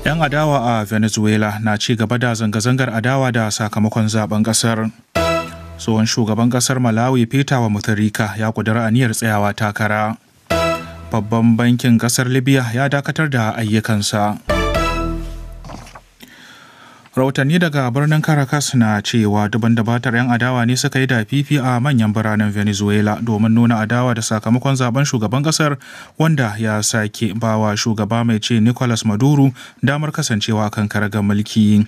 'Yan adawa a Venezuela na ci gaba da zanga-zangar adawa da sakamakon zaben ƙasar. Tsohon shugaban ƙasar Malawi Peter wa Mutharika ya kudura aniyar tsayawa takara. Babban bankin ƙasar Libya ya dakatar da ayyukansa. rahotanni daga birnin caracas na cewa duban dabatar 'yan adawa ne suka yi da fifi a manyan biranen venezuela domin nuna adawa da sakamakon zaben shugaban kasar wanda ya sake bawa shugaba mai ce nicolas maduro damar kasancewa kan karagar mulki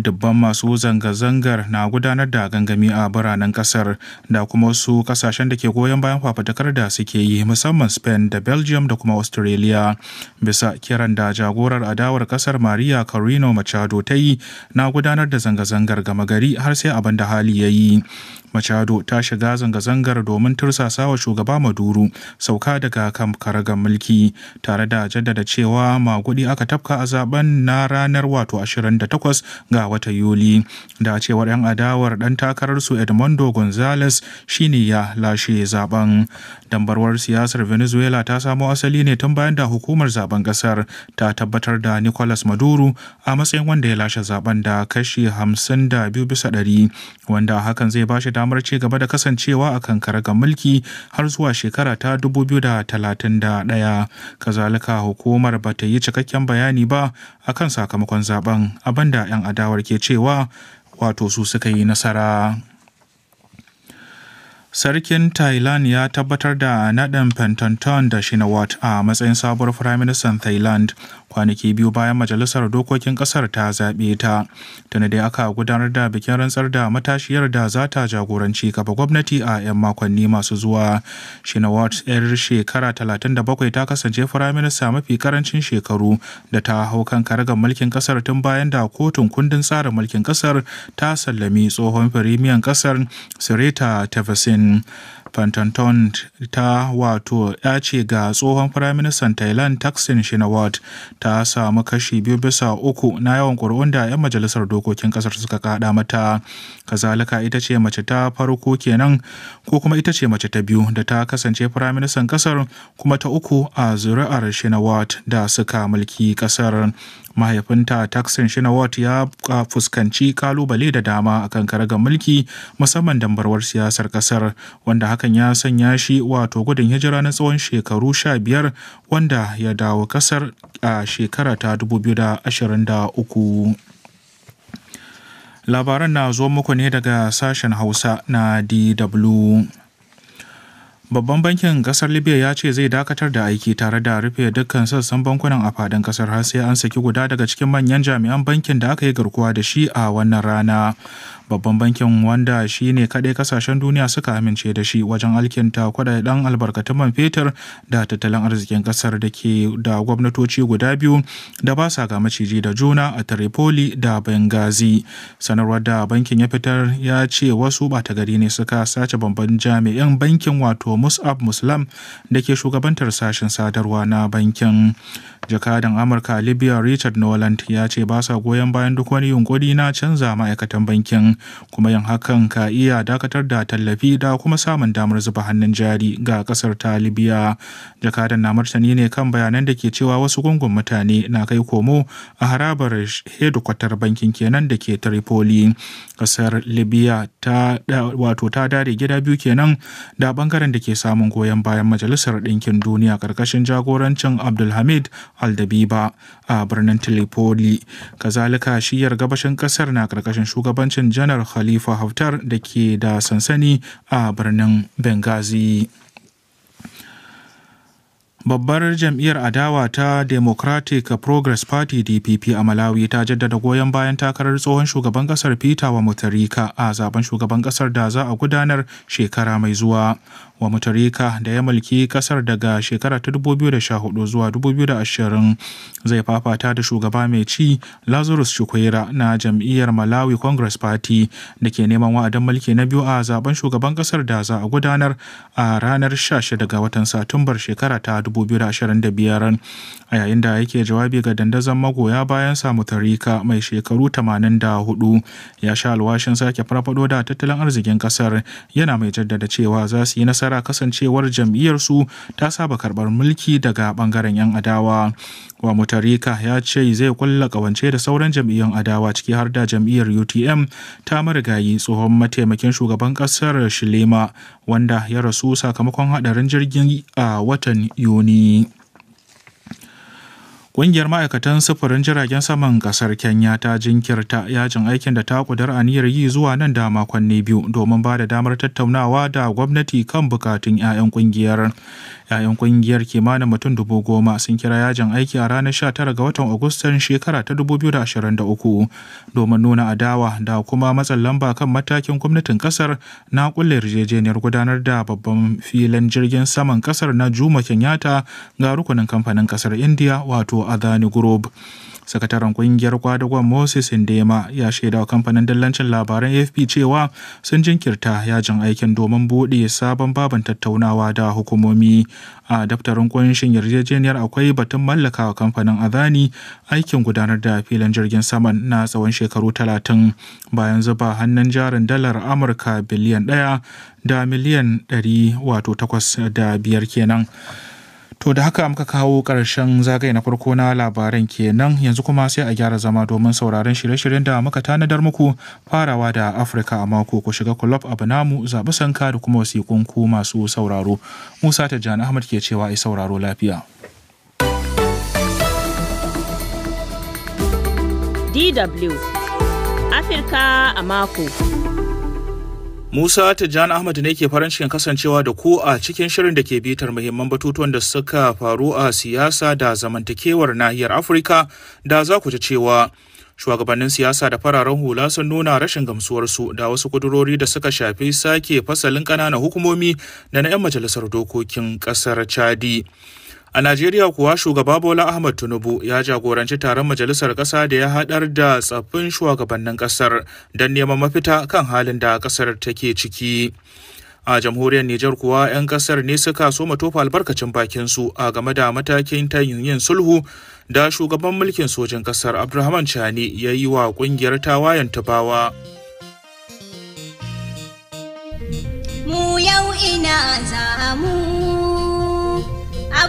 dubban masu zanga-zangar na gudanar da gangami a biranen kasar da kuma wasu kasashen da ke goyon bayan fafutukar da suke yi musamman spain da belgium da kuma australia bisa kiran da jagorar adawar kasar maria carino machado ta yi na gudanar da zanga-zangar gama gari har sai abin da hali ya yi Machado ta shiga zanga-zangar domin tursasa wa shugaba Maduro sauka daga karagar mulki tare da jaddada cewa magudi aka tafka a zaben na ranar wato 28 ga wata Yuli da cewar 'yan adawar dan takarar su Edmundo Gonzalez shine ya lashe zaben. Dambarwar siyasar Venezuela ta samo asali ne tun bayan da hukumar zaben kasar ta tabbatar da Nicolas Maduro a matsayin wanda ya lashe zaben da kashi 52 bisa 100 wanda hakan zai bashi damar damar ci gaba da kasancewa a kan ga mulki har zuwa shekara ta 2031 kazalika hukumar ba ta yi cikakken bayani ba a kan sakamakon zaben abinda 'yan adawar ke cewa wato su suka yi nasara Sarkin Thailand ya tabbatar da naɗin Pentanton da Shinawat a matsayin sabuwar Firaministan Thailand kwanaki biyu bayan Majalisar Dokokin Ƙasar ta zaɓe ta. tana dai aka gudanar da bikin rantsar da matashiyar da za ta jagoranci kafa gwamnati a 'yan makonni masu zuwa. Shinawat 'yar shekara 37 ta kasance Firaminista mafi karancin shekaru da ta hau kan karagar mulkin ƙasar tun bayan da kotun kundin tsarin mulkin ƙasar ta sallami tsohon firimiyan ƙasar Sireta Tevesin. Schweden Pantanton ta wato ya ce ga tsohon firaministan Thailand Thaksin Shinawat ta samu kashi biyu bisa uku na yawan ƙuri'un da 'yan majalisar dokokin ƙasar suka kaɗa mata. Kazalika ita ce mace ta farko kenan ko kuma ita ce mace ta biyu da ta kasance firaministan ƙasar kuma ta uku a zuri'ar Shinawat da suka mulki ƙasar. Mahaifinta Thaksin Shinawat ya fuskanci kalubale da dama akan karagar mulki musamman dambarwar siyasar ƙasar wanda haka hakan ya sanya shi wato gudun hijira na tsawon shekaru sha biyar wanda ya dawo kasar a shekara ta 2023 labaran na zo muku ne daga sashen hausa na dw Babban bankin kasar Libya ya ce zai dakatar da aiki tare da rufe dukkan sassan bankunan a fadin kasar har sai an saki guda daga cikin manyan jami'an bankin da aka yi garkuwa da shi a wannan rana. babban bankin wanda shi ne kaɗai kasashen duniya suka amince da shi wajen alkinta kwaɗaɗen albarkatun man fetur da tattalin arzikin ƙasar da ke da gwamnatoci guda biyu da ba sa ga maciji da juna a Tripoli da bengazi Sanarwar da bankin ya fitar ya ce wasu ɓata gari ne suka sace babban jami'in bankin wato Mus'ab Muslam da ke shugabantar sashen sadarwa na bankin. Jakadan Amurka Libya Richard Noland ya ce ba sa goyon bayan duk wani yunkuri na canza ma'aikatan bankin. kuma yin hakan ka iya dakatar da tallafi da kuma samun damar zuba hannun jari ga kasar ta libya jakadan na martani ne kan bayanan da ke cewa wasu gungun mutane na kai komo a harabar hedikwatar bankin kenan da ke tripoli kasar libya ta wato ta dare gida biyu kenan da bangaren da ke samun goyon bayan majalisar ɗinkin duniya ƙarƙashin jagorancin abdulhamid aldabiba a birnin tripoli kazalika shiyar gabashin ƙasar na ƙarƙashin shugabancin jan janar khalifa haftar da ke da sansani a birnin benghazi babbar jam'iyyar adawa ta democratic progress party dpp a malawi ta jaddada goyon bayan takarar tsohon shugaban kasar peter wa mutarika a zaben shugaban kasar da za a gudanar shekara mai zuwa wa mutarika da ya mulki kasar daga shekara ta 2014 zuwa 2020 zai fafata da shugaba mai ci lazarus shukwera na jam'iyyar malawi congress party da ke neman wa'adin mulki na biyu a zaben shugaban kasar da za a gudanar a ranar 16 daga watan satumbar shekara ta 2025 a yayin da yake jawabi ga dandazon magoya bayan sa mutarika mai shekaru 84 ya sha alwashin sake farfado da tattalin arzikin kasar yana mai jaddada cewa za su yi nasara nasara kasancewar jam'iyyarsu ta saba karɓar mulki daga ɓangaren 'yan adawa. Wa Mutarika ya ce zai kulla kawance da sauran jam'iyyun adawa ciki har da jam'iyyar UTM ta marigayi tsohon mataimakin shugaban ƙasar Shilema wanda ya rasu sakamakon haɗarin jirgin a watan Yuni. Ƙungiyar ma'aikatan sufurin jiragen saman ƙasar Kenya ta jinkirta yajin aikin da ta ƙudar aniyar yi zuwa nan da makonni biyu domin ba da damar tattaunawa da gwamnati kan bukatun 'ya'yan ƙungiyar. 'Ya'yan ƙungiyar kimanin mutum dubu goma sun kira yajin aiki a ranar sha tara ga watan Agustan shekara ta dubu biyu da da ashirin uku domin nuna adawa da kuma matsin lamba kan matakin gwamnatin ƙasar na ƙulle yarjejeniyar gudanar da babban filin jirgin saman ƙasar na Juma Kenyatta ga rukunin kamfanin ƙasar indiya wato Adani Group. sakataren kungiyar kwadagon moses ndema ya shaida wa kamfanin dillancin labaran afp cewa sun jinkirta yajin aikin domin buɗe sabon babin tattaunawa da hukumomi a daftarin kunshin yarjejeniyar akwai batun mallaka wa kamfanin azani aikin gudanar da filin jirgin saman na tsawon shekaru talatin bayan zuba hannun jarin dalar amurka biliyan ɗaya da miliyan ɗari wato takwas da biyar kenan To da haka muka kawo ƙarshen zagaye na farko na labaran kenan yanzu kuma sai a gyara zama domin sauraron shirye-shiryen da muka tanadar muku farawa da Afirka a mako ku shiga kulob abu namu zaɓi sanka da kuma wasiƙunku masu sauraro. Musa ta Tajjani Ahmad ke cewa ai sauraro lafiya. DW Afirka a mako. Musa Tijjani Ahmad ne ke farin cikin kasancewa da ku a cikin shirin da ke bitar muhimman batutuwan da suka faru a siyasa da zamantakewar nahiyar Afirka da za ku ji cewa shugabannin siyasa da fararen hula sun nuna rashin gamsuwarsu da wasu kudurori da suka shafi sake fasalin ƙananan hukumomi da na 'yan majalisar dokokin ƙasar Chadi. A Najeriya kuwa shugaba Bola Ahmad Tinubu ya jagoranci taron majalisar ƙasa da ya haɗar da tsaffin shugabannin ƙasar don neman mafita kan halin da ƙasar take ciki. a jamhuriyar Nijar kuwa 'yan ƙasar ne suka so tofa albarkacin bakin su a game da matakin ta yin sulhu da shugaban mulkin sojin Ƙasar Abdulrahman Chani ya yi wa ƙungiyar tawayen tubawa. Mu yau ina za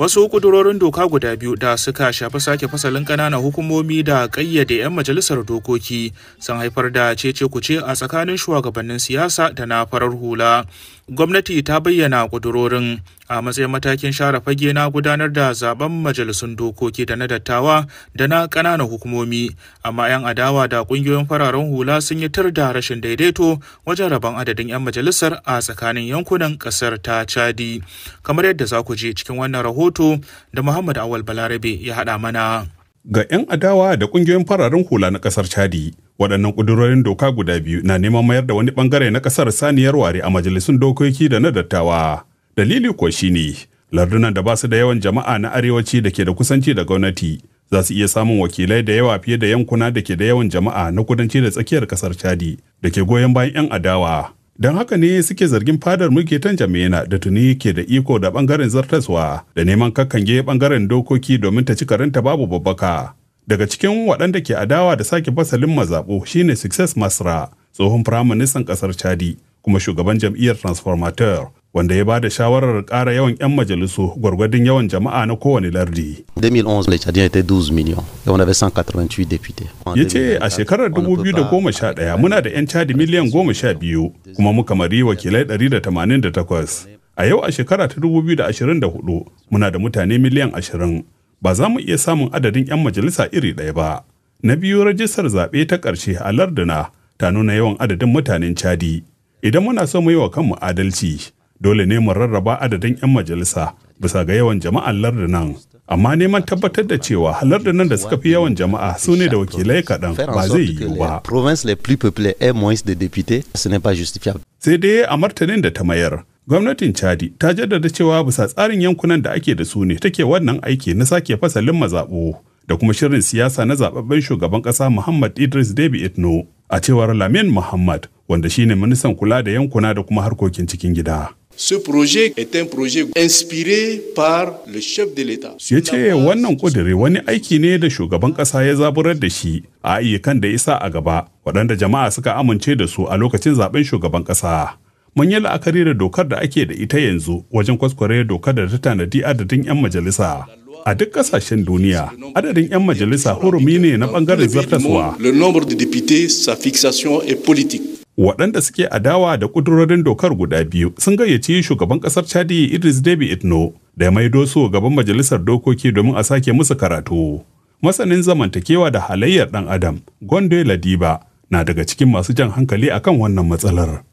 wasu kudurorin doka guda biyu da suka shafi sake fasalin ƙananan hukumomi da ƙayyade 'yan majalisar dokoki sun haifar da cece kuce a tsakanin shugabannin siyasa da na farar hula gwamnati ta bayyana ƙudurorin a matsayin matakin share fage na gudanar da zaben majalisun dokoki da na dattawa da na ƙananan hukumomi amma 'yan adawa da ƙungiyoyin fararen hula sun yi tur da rashin daidaito wajen rabon adadin 'yan majalisar a tsakanin yankunan ƙasar ta chadi kamar yadda za ku je cikin wannan rahoto da muhammad awal balarabe ya haɗa mana ga 'yan adawa da ƙungiyoyin fararen hula na ƙasar chadi waɗannan ƙudurorin doka guda biyu na neman mayar da wani ɓangare na ƙasar saniyar ware a majalisun dokoki da na dattawa dalili kuwa ne lardunan da ba su da yawan jama'a na arewaci da ke da kusanci da gwamnati za su iya samun wakilai da yawa fiye da yankuna da ke da yawan jama'a na kudanci da tsakiyar ƙasar chadi da ke goyon bayan 'yan adawa don haka ne suke zargin fadar mulki ta jamena da tuni ke da iko da bangaren zartaswa da neman kakkange bangaren dokoki domin ta ci karanta babu babbaka daga cikin waɗanda ke adawa da sake fasalin mazaɓo shine success masra tsohon firaministan ƙasar chadi kuma shugaban jam'iyyar transformateur wanda ya ba da shawarar ƙara yawan 'yan majalisu gwargwadin yawan jama'a na kowane lardi. Ya ce a shekarar 2011 muna da 'yan cadi miliyan 12 kuma muka mari wakilai 188. A yau a shekara ta 2024 muna da mutane miliyan 20 ba za mu iya samun adadin 'yan majalisa iri ɗaya ba. Na biyu rajistar zaɓe ta ƙarshe a larduna ta nuna yawan adadin mutanen cadi. Idan muna so mu yi wa kanmu adalci, dole ne mu rarraba adadin 'yan majalisa bisa ga yawan jama'an lardunan amma neman tabbatar da cewa lardunan da suka fi yawan jama'a su ne da wakilai kaɗan ba zai yi ba. Sai dai a martanin da ta mayar, gwamnatin Chadi ta jaddada cewa bisa tsarin yankunan da ake da su ne take wannan aiki na sake fasalin mazaɓo da kuma shirin siyasa na zababben shugaban ƙasa Muhammad Idris debi Itno a cewar Lamin Muhammad wanda shine ministan kula da yankuna da kuma harkokin cikin gida. Ce projet est un projet inspiré par le chef de l'État. Ya ce wannan ƙudiri wani aiki ne da shugaban ƙasa ya zaburar da shi a ayyukan da ya a gaba waɗanda jama'a suka amince da su a lokacin zaɓen shugaban ƙasa. Mun yi la'akari da dokar da ake da ita yanzu wajen kwaskware dokar da ta tanadi adadin 'yan majalisa. A duk ƙasashen duniya, adadin 'yan majalisa hurumi ne na ɓangaren zartaswa. waɗanda suke adawa da ƙudurorin dokar guda biyu sun gayyaci shugaban ƙasar chadi idris debi itno da ya maido su gaban majalisar dokoki domin a sake musu karatu masanin zamantakewa da halayyar ɗan adam Gondo ladiba na daga cikin masu jan hankali akan wannan matsalar.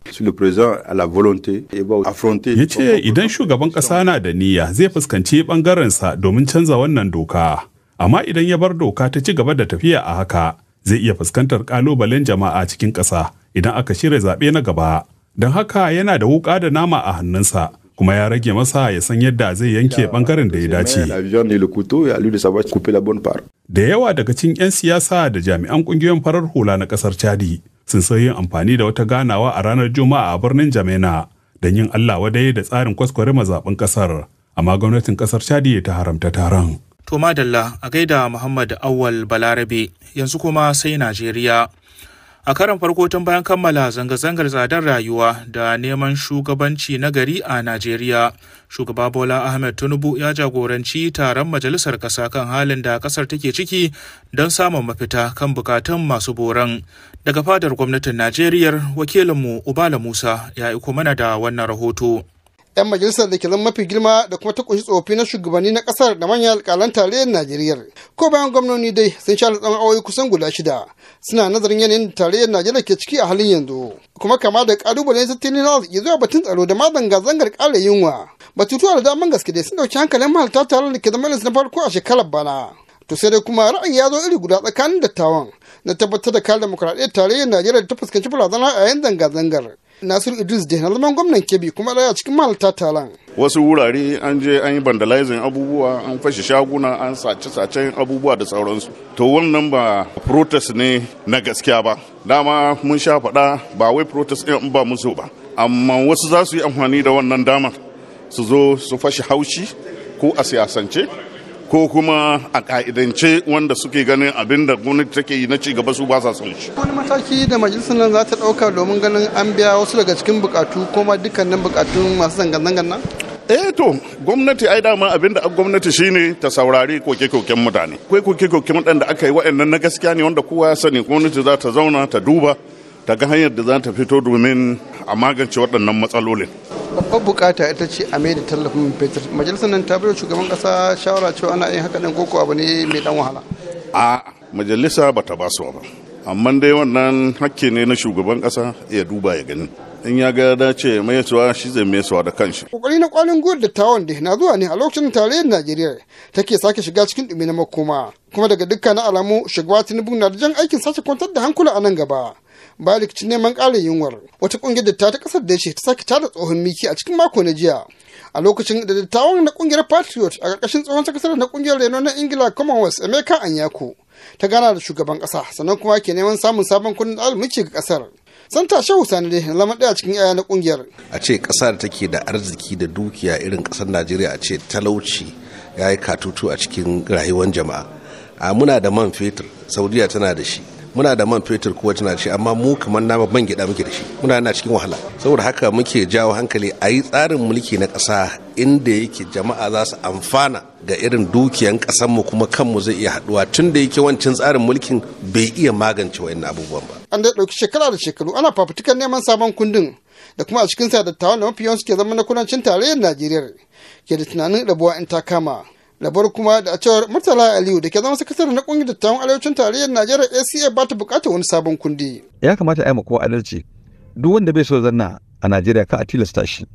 Ya ce idan shugaban ƙasa na da niyya zai fuskanci ɓangarensa domin canza wannan doka, amma idan ya bar doka ta ci gaba da tafiya a haka zai iya fuskantar ƙalubalen jama'a cikin ƙasa idan aka shirya zaɓe na gaba don haka yana da wuƙa da nama a hannunsa kuma ya rage masa ya san yadda zai yanke ɓangaren da ya dace. Da yawa daga cikin 'yan siyasa da jami'an ƙungiyoyin farar hula na ƙasar Chadi sun sayo yin amfani da wata ganawa a ranar Juma'a a birnin Jamena don yin Allah wadai da tsarin kwaskwari mazaɓin ƙasar amma gwamnatin kasar Chadi ta haramta taron. To madalla a gaida Muhammad Awal Balarabe yanzu kuma sai Najeriya. A karan farko tun bayan kammala zanga-zangar tsadar rayuwa da neman shugabanci na gari a Najeriya, shugaba Bola Ahmed Tinubu ya jagoranci taron majalisar ƙasa kan halin da ƙasar take ciki don samun mafita kan bukatun masu boran. Daga fadar gwamnatin Najeriya, wakilinmu Ubala Musa ya iko mana da wannan rahoto. 'yan majalisar da ke zama mafi girma da kuma ta kunshi tsofaffi na shugabanni na kasar da manyan alkalan tarayyar najeriya ko bayan gwamnoni dai sun sha tsawon awoyi kusan guda shida suna nazarin yanayin da tarayyar najeriya ke ciki a halin yanzu kuma kama da kalubalen tattalin arziki zuwa batun tsaro da ma zanga-zangar ƙara yunwa batutuwa da daman gaske dai sun ɗauki hankalin mahalarta taron da ke zama na farko a shekarar bana to sai dai kuma ra'ayi ya zo iri guda tsakanin dattawan na tabbatar da kare demokuraɗiyyar tarayyar najeriya da ta fuskanci barazana a yayin zanga-zangar Nasiru Idris da halman gwamnan Kebbi kuma daya cikin malta talan. Wasu wurare an je an yi vandalizing abubuwa an fashe shaguna an sace sace abubuwa da sauransu. To wannan ba protest ne na gaskiya ba. Dama mun sha faɗa ba wai protest ɗin ba musu ba. Amma wasu za su yi amfani da wannan damar su zo su fashe haushi ko a siyasance ko kuma a ka'idance wanda suke ganin abin da gwamnati take yi na cigaba su ba sa son shi. Wani mataki da majalisar nan za ta ɗauka domin ganin an biya wasu daga cikin bukatu ko ma dukkanin bukatu masu zanga-zangan nan? eh to gwamnati ai dama abin da gwamnati shine ta saurari koke-koken mutane akwai koke-koken mutane da aka yi wa'annan na gaskiya ne wanda kowa ya sani gwamnati za ta zauna ta duba ta ga hanyar da za ta fito domin a magance waɗannan matsalolin babbar bukata ita ce a mai da tallafin fetur majalisar nan ta bai shugaban kasa shawara cewa ana yin haka ɗin koko abu ne mai dan wahala a majalisa ba ta basu ba amma dai wannan hakki ne na shugaban kasa ya duba ya gani in ya ga dace mai suwa shi zai mai suwa da kanshi kokari na kwalin gwiwar da tawon da na zuwa ne a lokacin tarayyar najeriya take sake shiga cikin ɗumi na makoma kuma daga dukkanin alamu shugaba tinubu na da jan aikin sace kwantar da hankula a nan gaba balik rikicin neman ƙarin yunwar wata ƙungiyar da ta kasar da ce ta sake tada tsohon miki a cikin mako na jiya a lokacin da dattawan na ƙungiyar patriot a ƙarƙashin tsohon sakasar na ƙungiyar reno na ingila commonwealth emeka anyako ta gana da shugaban ƙasa sannan kuma ke neman samun sabon kundin almici ga ƙasar santa shehu sani dai zama ɗaya cikin yaya na ƙungiyar a ce ƙasa da take da arziki da dukiya irin ƙasar najeriya a ce talauci ya yi katutu a cikin rayuwar jama'a a muna da man fetur saudiya tana da shi muna da man fetur ko tana ce amma mu kamar na ban gida muke da shi muna na cikin wahala saboda haka muke jawo hankali a yi tsarin mulki na ƙasa inda yake jama'a za su amfana ga irin dukiyan mu kuma kanmu zai iya haɗuwa tun da yake wancin tsarin mulkin bai iya magance wa abubuwan ba. An da ɗauki shekara da shekaru ana fafutukar neman sabon kundin da kuma a cikin sa tawon da mafi yawan suke zama na kudancin tarayyar Najeriya ke da tunanin rabuwa in ta kama. labar kuma da a cewar murtala aliyu da ke zama sakatare na kungiyar dattawan arewacin tarayyar najeriya acf ba ta bukatar wani sabon kundi ya kamata a yi kowa adalci duk wanda bai so zanna a najeriya ka a tilasta shi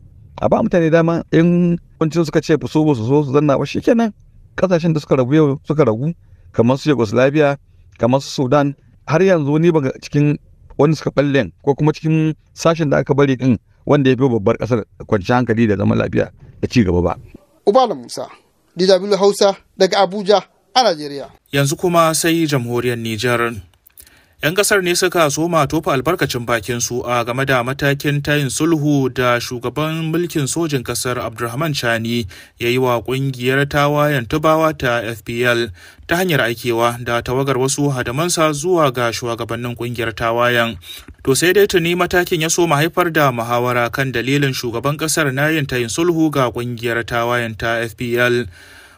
a ba mutane dama in kuncin suka ce so ba su so su zanna ba shikenan kasashen da suka rabu yau suka ragu kamar su yugoslavia kamar su sudan har yanzu ni ba cikin wani suka balle ko kuma cikin sashen da aka bari din wanda ya fi babbar kasar kwanciyar hankali da zaman lafiya da ci gaba ba. Ubala Musa. Dijabilu Hausa daga Abuja a Najeriya. Yanzu kuma sai jamhuriyar Nijar. 'Yan kasar ne suka soma tofa albarkacin bakin su a game da matakin tayin sulhu da shugaban mulkin sojin kasar Abdulrahman Chani ya yi wa kungiyar tawayen tubawa ta FPL ta hanyar aikewa da tawagar wasu hadamansa zuwa ga shugabannin kungiyar tawayen. To sai dai tuni matakin ya soma haifar da muhawara kan dalilin shugaban kasar na yin tayin sulhu ga kungiyar tawayen ta FPL.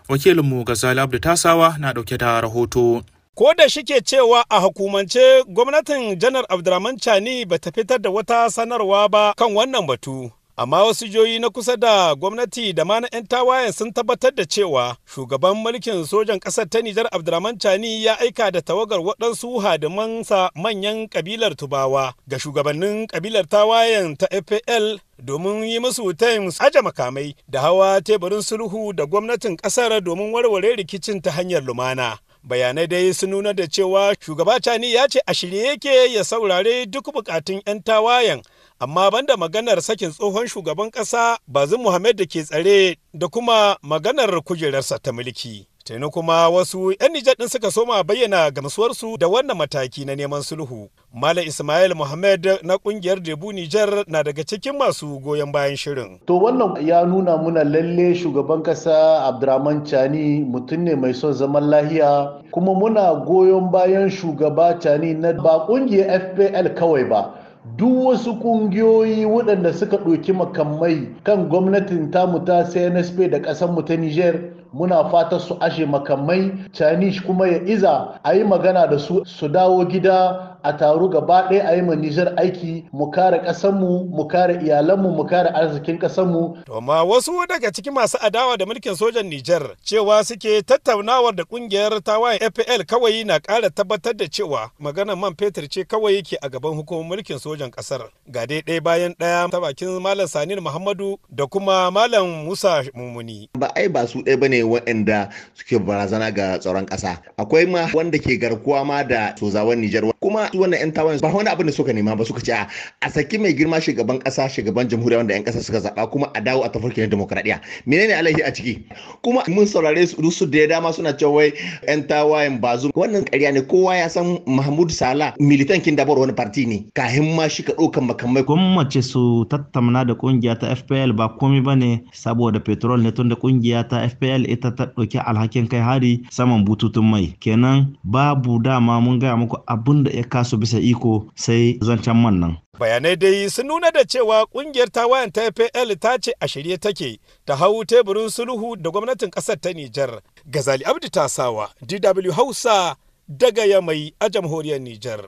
Wakilinmu Gazali Abdu Tasawa na dauke da rahoto. ko da shike cewa a hukumance gwamnatin janar abdulrahman chani ba ta fitar da wata sanarwa ba kan wannan batu amma wasu joyi na kusa da gwamnati da ma na 'yan tawayen sun tabbatar da cewa shugaban mulkin sojan ƙasar ta nijar abdulrahman chani ya aika da tawagar waɗansu hadimansa manyan ƙabilar tubawa ga shugabannin ƙabilar tawayen ta fpl domin yi musu times aje makamai da hawa teburin sulhu da gwamnatin ƙasar domin warware rikicin ta hanyar lumana bayanai dai sun nuna da cewa shugaba cani ya ce a shirye yake ya saurare duk bukatun 'yan tawayen amma banda maganar sakin tsohon shugaban ƙasa bazin muhammad da ke tsare da kuma maganar kujerarsa ta mulki Taino kuma wasu 'yan Nijar ɗin suka soma bayyana gamsuwarsu da wannan mataki na neman sulhu. Malam Ismail mohammed na ƙungiyar Debu Nijar na daga cikin masu goyon bayan shirin. To wannan ya nuna muna lalle shugaban kasa Abdurrahman Chani mutum ne mai son zaman lahiya kuma muna goyon bayan shugaba Chani na ba kungiyar FPL kawai ba. duk wasu ƙungiyoyi waɗanda suka ɗauki makamai kan gwamnatin tamu ta CNSP da ƙasar mu ta Niger muna fata su ashe makamai chinese kuma ya iza a yi magana da su su dawo gida a taru gaba ɗaya a yi ma Nijar aiki mu kare ƙasarmu mu kare iyalanmu mu kare arzikin ƙasarmu. To ma wasu daga cikin masu adawa da mulkin sojan Nijar cewa suke tattaunawar da ƙungiyar tawayen FPL kawai na ƙara tabbatar da cewa maganar man fetur ce kawai ke a gaban hukumar mulkin sojan ƙasar. Ga dai ɗaya bayan ɗaya ta bakin Malam Sanin Muhammadu da kuma Malam Musa Mumuni. Ba ai ba su ɗaya bane waɗanda suke barazana ga tsaron ƙasa. Akwai ma wanda ke garkuwa ma da sozawan Nijar kuma su wannan 'yan tawayen ba wani abin da suka nema ba suka ce a saki mai girma shugaban kasa shugaban jamhuriya wanda 'yan kasa suka zaba kuma a dawo a tafarki na demokradiya menene alaihi a ciki kuma mun saurare su su da dama suna cewa wai 'yan tawayen ba zu wannan ƙarya ne kowa ya san mahmud sala militan kin dabar wani parti ne ka ma shi ka ɗaukan makamai mace su tattauna da kungiya ta FPL ba komai ba ne saboda petrol ne tunda kungiya ta FPL ita ta ɗauki alhakin kai hari saman bututun mai kenan babu dama mun gaya muku abin da ya nasu bisa iko sai zancen man nan bayanai dai sun nuna da cewa kungiyar wayan ta fpl ta ce a shirye take ta hau teburin sulhu da gwamnatin kasar ta nijar gazali abdu sawa dw hausa daga yamai a jamhuriyar nijar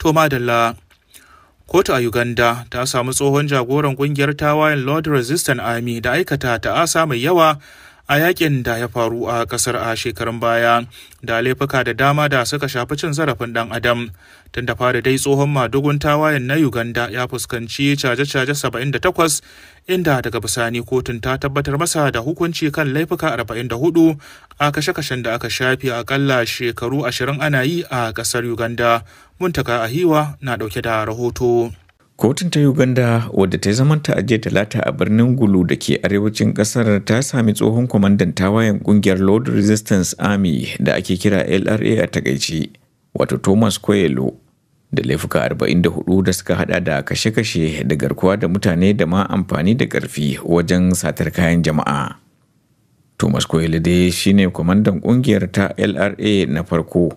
to madalla kotu a uganda ta samu tsohon jagoran kungiyar wayan lord resistant army da aikata ta'asa mai yawa a yakin da ya faru a kasar a shekarun baya da laifuka da dama da suka shafi cin zarafin dan adam tun da fara dai tsohon madugun tawayen na uganda ya fuskanci caje-caje 78 inda daga bisani kotun ta tabbatar masa da hukunci kan laifuka 44 a kashe-kashen da aka shafi akalla shekaru 20 ana yi a kasar uganda muntaka hiwa na dauke da rahoto Kotun ta Uganda wadda ta zamanta a jiya talata a birnin Gulu da ke arewacin kasar ta sami tsohon kwamandan tawayen kungiyar Lord Resistance Army da ake kira LRA a Takaice, wato Thomas Koyelo, da laifuka 44 da suka hada da kashe-kashe da garkuwa da mutane da ma amfani da karfi wajen satar kayan jama'a. Thomas Koyelo dai shine kwamandan kungiyar ta LRA na farko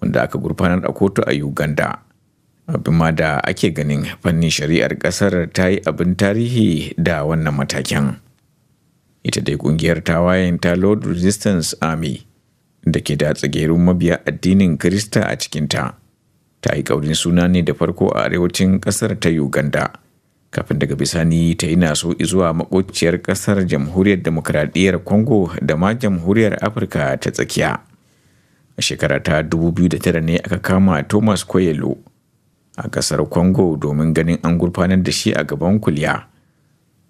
wanda aka gurfanar a kotu a Uganda. abin ma da ake ganin fannin shari'ar ƙasar ta yi abin tarihi da wannan matakin ita dai ƙungiyar tawayen ta lord resistance army da ke da tsagerun mabiya addinin Kirista a cikinta. Ta yi ƙaurin suna ne da farko a arewacin ƙasar ta Uganda, kafin daga bisani ta yi naso zuwa makociyar ƙasar Jamhuriyar Demokradiyyar Congo da ma Jamhuriyar Afirka ta tsakiya. A shekara ta tara ne aka kama Thomas Koyelo, a kasar congo domin ganin an gurfanar da shi a gaban kuliya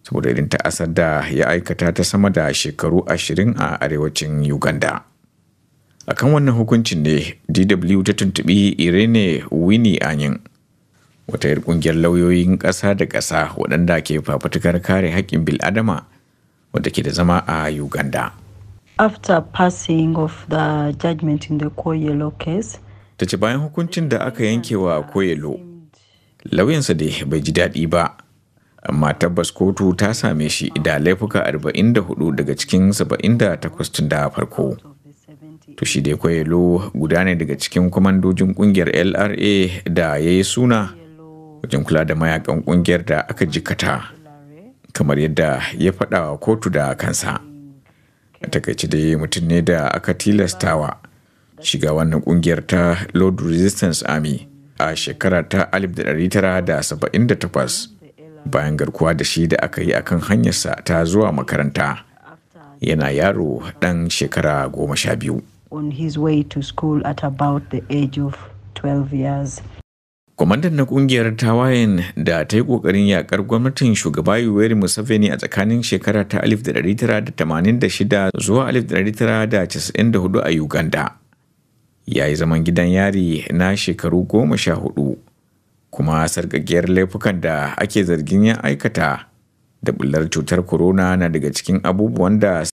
saboda irin asar da ya aikata ta sama da shekaru ashirin a arewacin uganda a kan wannan hukuncin ne dw ta tuntubi irene wini anyin wata yar kungiyar lauyoyin ƙasa da ƙasa waɗanda ke fafutukar kare haƙƙin bil'adama wadda ke da zama a uganda after passing of the judgment in the Koyelo case ta ce bayan hukuncin da aka yanke wa koyelo lauyansa da bai ji daɗi ba amma tabbas kotu ta same shi da laifuka 44 daga cikin 78 tun da farko to shi dai koyelo guda ne daga cikin kwamandojin kungiyar lra da ya yi suna wajen kula da mayakan kungiyar da aka jikata kamar yadda ya faɗa wa kotu da kansa a takaici dai mutum ne da aka tilastawa shiga wannan kungiyar ta Lord Resistance Army a shekara ta 1978 bayan garkuwa da shi da aka yi akan hanyarsa ta zuwa makaranta yana yaro ɗan shekara goma sha biyu. 12 kwamandan na kungiyar tawayen da ta yi kokarin yakar gwamnatin shugaba yoweri museveni a tsakanin shekara ta 1986 zuwa 1994 a uganda ya yi zaman gidan yari na shekaru goma sha hudu kuma sargaggiyar laifukan da ake zargin ya aikata da bullar cutar corona na daga cikin abubuwan da